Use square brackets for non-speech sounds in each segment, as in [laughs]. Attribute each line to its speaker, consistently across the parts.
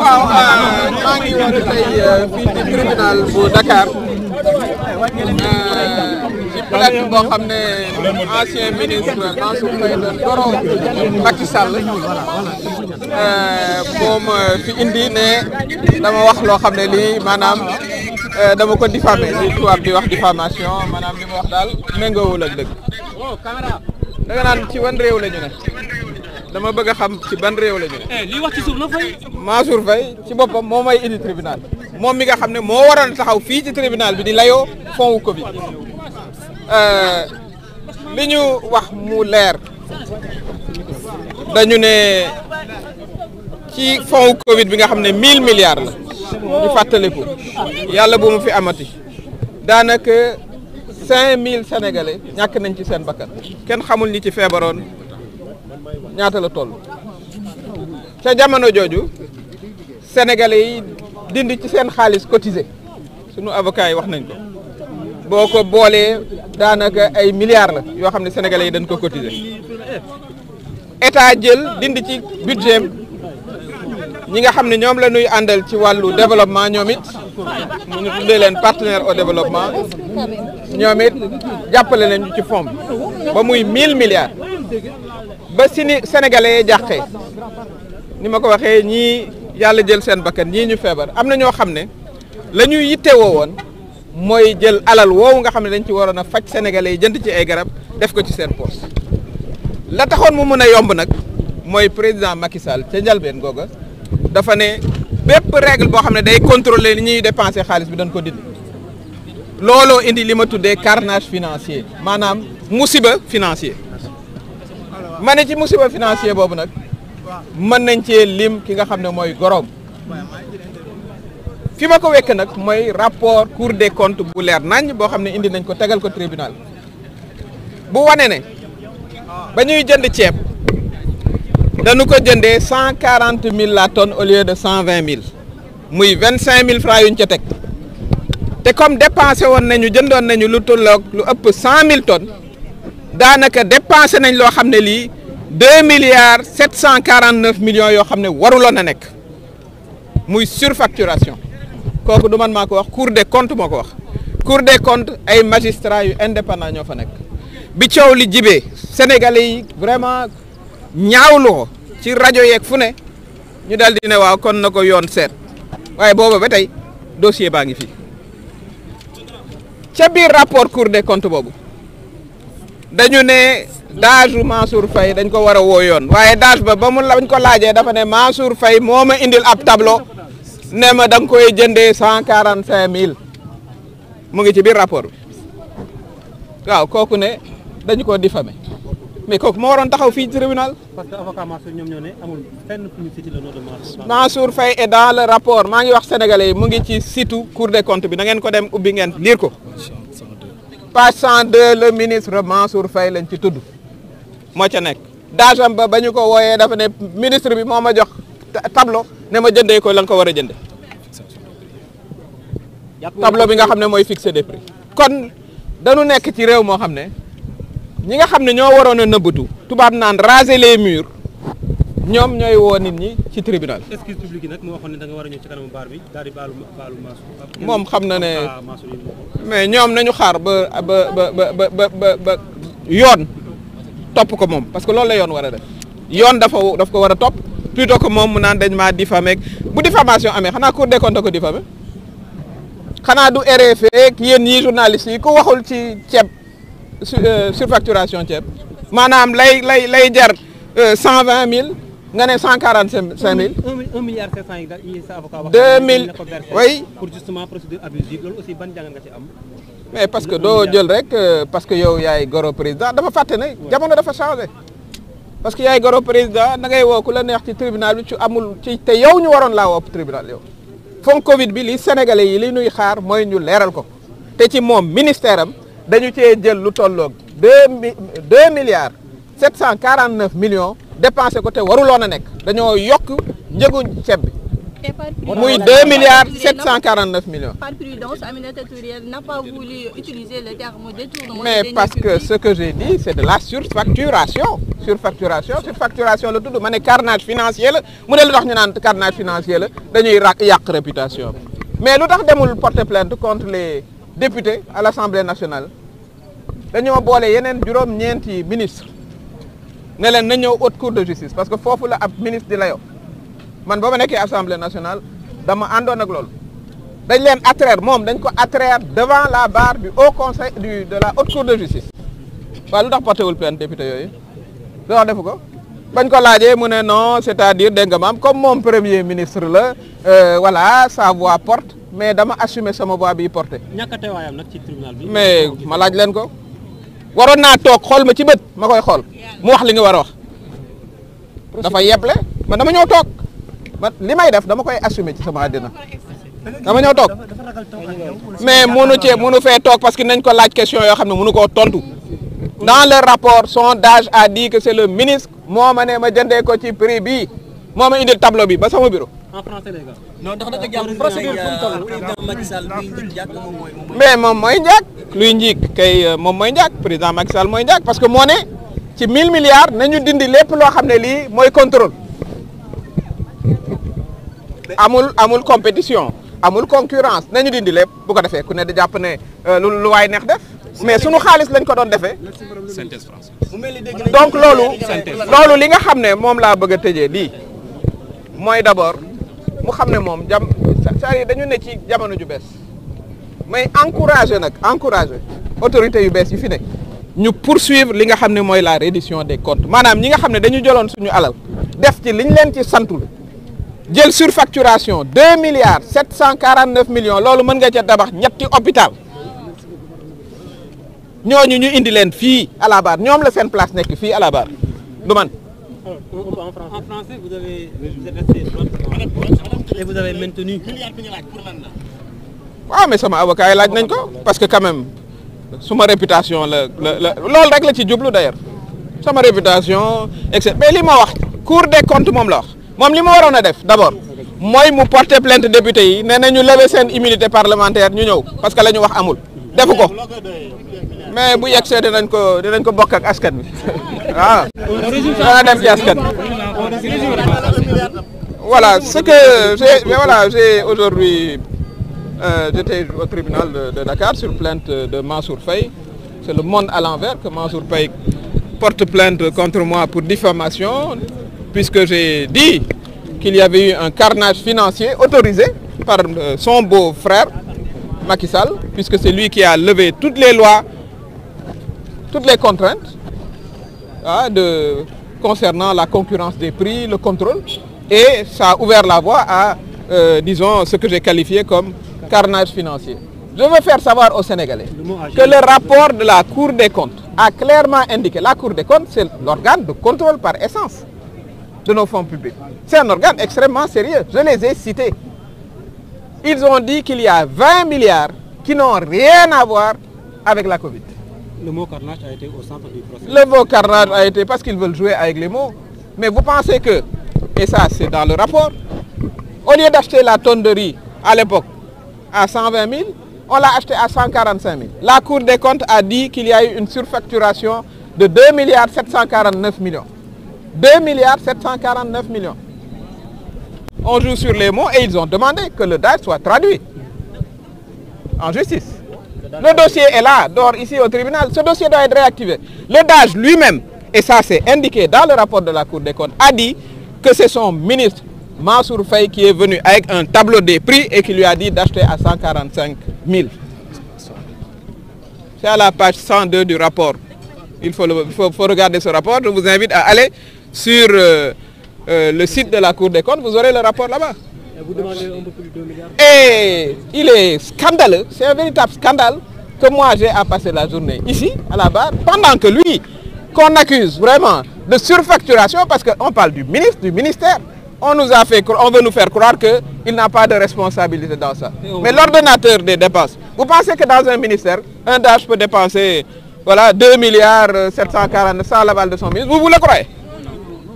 Speaker 1: waaw ah, maa ngi tey eh, fii tribunal bu Dakar eh, ci plainte boo xam ne ancien ministre Mansour Faye la toro Macky Sall eh, fi indi ne dama wax loo xam ne lii maanaam dama ko diffamé li tubaab di wax diffamation maanaam li ma wax daal méngoowul ak dëgg da dama bëgg a xam ci ban réew la ñu. Eh, li wax ci suuf na ci boppam moo may indi tribunal moom mi nga xam ne moo waroon taxaw fii ci tribunal bi di layoo fond wu Covid eh, li ñu wax mu leer dañu ne ci fond wu Covid bi nga xam ne mill milliards la ñu fàttaliku yàlla bu mu fi amati daanaka 5000 sénégalais ñàkk nañ ci seen bakkan kenn xamul ñi ci feebaroon. ñaata la toll ca jamono jooju sénégalais yi dindi ci seen xaalis cotisé sunu avocat yi wax nañ ko boo ko boolee daanaka ay milliards la yoo xam ne sénégalais yi dañ ko cotisé état jël dindi ci budget ñi nga xam ne ñoom la nuy àndal ci wàllu développement ñoom it mu ñu tuddee leen partenaire au développement ñoomit it jàppale nañu ci fom ba muy 1000 milliards ba si ni sénégalais yi ni ma ko waxee ñii yàlla jël seen bakkan ñii ñu feebar am na ñoo xam ne la ñuy yittewoo woon mooy jël alal woowu nga xam ne dañ ci waroon a faj sénégalais yi jënd ci ay garab def ko ci seen poos la taxoon mu mën a yomb nag mooy président Macky Sall ca njalbeen googa dafa ne bépp règle boo xam ne day contrôler ni ñuy dépenser xaalis bi dañ ko dindi looloo indi li ma tuddee carnage financier maanaam musiba financier ma ne ci musiba financier boobu nag mën nañ cee lim ki nga xam ne mooy gorom fi ma ko wekk nag mooy rapport cour de comptes bu leer nañ boo xam ne indi nañ ko tegal ko tribunal bu wane ne ba ñuy jënd ceeb dañu ko jëndee cent quarante mille la tonne au lieu de cent vingt mille muy vingt cinq mille francs yuñ ca teg te comme dépensé woon nañu jëndoon nañu lu tolloog lu ëpp cent mille tonnes daanaka dépensé nañ loo xam ne lii deux milliards sept cent quarante neuf millions yoo xam ne waruloon a nekk muy surfacturation kooku du man maa ko wax cour de comptes moo ko wax cour de comptes ay magistrats yu indépendant ñoo fa nekk bi coow li jibee sénégalais yi vraiment ñaawlu ko ci rajo yeeg fu ne ñu daal di ne waaw kon na ko yoon seet waaye booba ba tey dossier baa ngi fi ca biir rapport cour de comptes boobu dañu ne daaj u Mansour Faye dañ ko war a woo yoon waaye daaj ba ba mu bañ ko laajee dafa ne Mansour fay moo ma indil ab tableau ne ma da nga koy cent quarante cinq mille mu ngi ci biir rapport bi waaw kooku ne dañ ko diffamé mais kooku moo waroon taxaw fii tribunal. parce que avocat ñoom ñoo amul fenn fu ñu cité le nom de Mansour. rapport maa ngi wax sénégalais yi mu ngi ci site cour des comptes bi na ngeen ko dem ubbi ngeen lire ko. page 102 le ministre Mansour Faye lañ ci tudd moo ca nekk daajam ba ba ñu ko wooyee dafa ne ministre bi moo ma jox tableau ne ma jëndee ko la nga ko war a jënde tableau bi nga xam ne mooy fixer des prix kon dañu nekk ci réew moo xam ne ñi nga xam ne ñoo waroon a nëbbatu tubaab naan raser les murs ñoom ñooy woo nit ñi ci tribunal. excuse nag moo waxoon ne da nga war a ñëw ci kanamu baar bi daal di baalu baalu moom xam na ne ah, mais ñoom nañu xaar ba ba ba ba ba ba yoon topp ko moom parce que loolu la yoon war a def yoon dafa daf ko war a topp plutôt que moom mu naan dañ maa diffamé bu diffamation amee xanaa Cour des comptes ko diffamé xanaa du RFI ak yéen ñii journalistes yi ko waxul ci ceeb euh, surfacturation ceeb maanaam lay lay lay jar euh, cent vingt mille. nga ne cent quarante cinq mille. un milliard sept deux mille oui. nga ci am. mais parce que doo jël rek euh, parce que yow yaay goro président dafa fàtte ne. jamono dafa changé. parce que yaay goro président da ngay ku la neex ci tribunal bi ci amul ci te yow ñu waroon laa wopp tribunal yow. fond Covid bi li sénégalais yi li ñuy xaar mooy ñu leeral ko te ci moom ministère am dañu cee jël lu tolloog deux deux milliards. 749 millions dépensé ko te waruloon a nekk dañoo yokk njëgu ceeb bi.
Speaker 2: muy 2 milliards 749 millions.
Speaker 1: Par prudence, Aminata Touré n'a Mais parce que ce que j'ai dit, c'est de la surfacturation. Surfacturation, surfacturation la tudd ma ne carnage financier la mu ne lu tax ñu naan carnage financier la dañuy ràq yàq réputation mais lu tax demul porter plainte contre les députés à l'Assemblée nationale dañoo boole yeneen juróom-ñeenti ministre ne leen na ñëw haute cour de justice parce que foofu la a ministre di layoo man ba nekk nekkee assemblée nationale dama àndoon ak loolu dañ leen attraire moom dañ ko attraire devant la barre du haut conseil du de la haute cour de justice waaw lu tax portéwul plainte député yooyu lu tax defu ko bañ ko laajee mu ne non c'est-à-dire dégg nga maam comme moom premier ministre la euh, voilà sa voix porte mais dama assumer sama voix bi porté. ñàkk a teewaayam ci tribunal bi. mais ma laaj leen ko. waroon naa toog xool ma ci bët ma koy xool mu wax li nga war a wax dafa yeble man dama ñëw toog man li may def dama koy assumer ci sama àddina dama ñëw toog mais munu cee munu fee toog parce que nañ ko laaj question yoo xam ne munu koo tontu dans le rapport sondage a di que c'est le ministre moo ma ne ma jëndee ko ci prix bi moo ma indil tableau bi ba sama biro en français les gars. non ndax nag jàpp procédure fu mu toll président mais moom mooy njëkk luy njëkk kay euh, moom mooy njëkk président Macky Sall mooy njëkk parce que moo ne ci 1000 milliards nañu dindi lépp loo xam ne lii mooy contrôle. amul amul compétition amul concurrence nañu dindi lépp bu ko defee ku ne da jàpp ne euh, lu lu waay neex def. mais sunu xaalis lañ ko doon defee. donc loolu. loolu li nga xam ne moom laa bëgg a tëjee lii mooy d'abord. mu xam ne moom jam cest yi dire dañu ne ci jamono ju bees mais encourage nag encouragé autorités yu bees yu fi nekk ñu poursuivre li nga xam ne mooy la reddition des comptes maanaam ñi nga xam ne dañu jëloon suñu alal def ci liñ leen ci santul jël surfacturation deux milliards sept cent quarante neuf million loolu mën nga ca tabax ñetti hôpital ñooñu ñu indi leen fii à la ñoom la seen place nekk fii à la barre du man en français. En français, vous avez, vous êtes resté waaw ah, mais sama avocat laaj nañ ko parce que quand même suma réputation la la la loolu rek la ci jublu d'ailleurs sama réputation et cetera mais li ma wax cour des comptes moom la wax moom li ma waroon a def d'abord mooy mu porter plainte député yi nee na ñu lever seen immunité parlementaire ñu ñëw parce que la ñu wax amul defu ko mais bu yegsee dinañ ko dinañ ko bokk ak askan bi [laughs] ah dana dem ci askan voilà ce aujourd'hui euh, de, de, Dakar sur plainte de Mansour Faye c'est le monde à l'envers que Mansour Faye porte plainte contre moi pour diffamation puisque j'ai dit qu'il y avait eu un carnage financier autorisé par euh, son beau-frère Macky Sall puisque c'est lui qui a levé toutes les lois toutes les contraintes hein, de, concernant la concurrence des prix, le contrôle. Et ça a ouvert la voie à, euh, disons, ce que j'ai qualifié comme carnage financier. Je veux faire savoir aux Sénégalais que le rapport de la Cour des comptes a clairement indiqué, la Cour des comptes, c'est l'organe de contrôle par essence de nos fonds publics. C'est un organe extrêmement sérieux, je les ai cités. Ils ont dit qu'il y a milliards qui n'ont rien à voir avec la Covid. Le mot carnage a été au centre du procès. Le mot carnage Mais vous pensez que, et ça dans le rapport, au lieu d'acheter la tonne de riz à à 120 000, on l'a acheté à 145 000. La Cour des comptes a dit qu'il y a eu une surfacturation de 2 milliards 749 millions. 2 milliards 749 millions. On joue sur les mots et ils ont demandé que le DAS soit traduit en justice. Le dossier est là, dort ici au tribunal. Ce dossier doit être réactivé. dans le rapport de la Cour des comptes, a dit ministre Mansour Faye qui venu avec un des prix et qui lui a dit d'acheter à 145 000. C'est à la page 102 du Il faut, le, faut, faut, regarder ce rapport. Je vous euh, euh, de la Cour des comptes. rapport là vous demandez un peu plus de eh, il est scandaleux, c'est un véritable scandale que moi j'ai à passer la journée ici, à la barre, pendant que lui, qu'on accuse vraiment de surfacturation, parce qu'on parle du ministre, du ministère, on nous a fait, on veut nous faire croire qu'il n'a pas de responsabilité dans ça. Eh, Mais l'ordonnateur des dépenses, vous pensez que dans un ministère, un DAF peut dépenser voilà, milliards 740, 100 à l'aval de son ministre, vous vous le croyez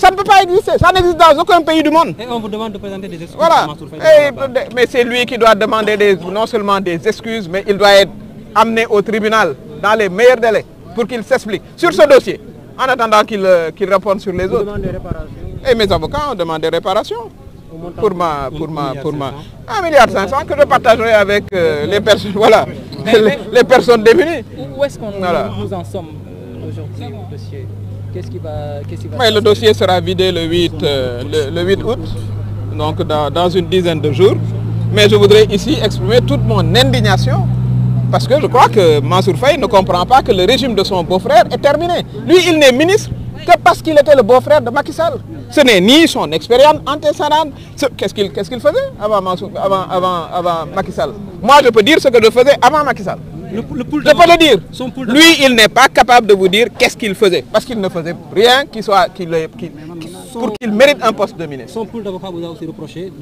Speaker 1: Ça ne peut pas exister. Ça n'existe dans aucun pays du monde. Et on vous demande de présenter des excuses. Voilà. Et, mais c'est lui qui doit demander des, non seulement des excuses, mais il doit être amené au tribunal dans les meilleurs délais pour qu'il s'explique sur ce dossier, en attendant qu'il euh, qu'il réponde sur les vous autres. Et mes avocats ont demandé réparation. Pour ma, pour ma, pour ma, 1 milliard 500 que je partagerai avec euh, les personnes, [laughs] voilà, les, les, personnes démunies. Où est-ce qu'on voilà. nous en sommes euh, aujourd'hui, monsieur Qu'est-ce qui va, qu qui va Mais Le dossier sera vidé le 8, euh, le, le, 8 août, donc dans, dans, une dizaine de jours. Mais je voudrais ici exprimer toute mon indignation parce que je crois que Mansour Faye ne comprend pas que le régime de son beau-frère est terminé. Lui, il n'est ministre que parce qu'il était le beau-frère de Macky Sall. Ce n'est ni son expérience antécédente. Qu'est-ce qu'il qu qu faisait avant, Mansour, avant, avant, avant Macky Sall Moi, je peux dire ce que je faisais avant Macky Sall. Je peux le dire. Lui, il n'est pas capable de vous dire qu'est-ce qu'il faisait. Parce qu'il ne faisait rien pour qu'il mérite un poste de ministre. a aussi reproché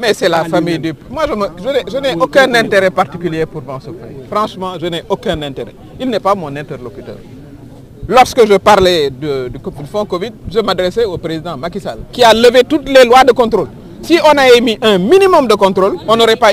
Speaker 1: Mais c'est la famille du... Moi, je, n'ai aucun intérêt particulier pour mon secret. Franchement, je n'ai aucun intérêt. Il n'est pas mon interlocuteur. Lorsque je parlais du fonds Covid, je m'adressais au président Macky qui a levé toutes les lois de contrôle. Si on avait mis un minimum de contrôle, on n'aurait pas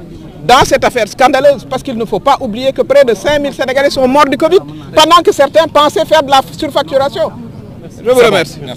Speaker 1: dans cette affaire scandaleuse, parce qu'il ne faut pas oublier que près de 5000 sont morts du Covid, pendant que certains pensaient faire de la surfacturation. Je vous remercie.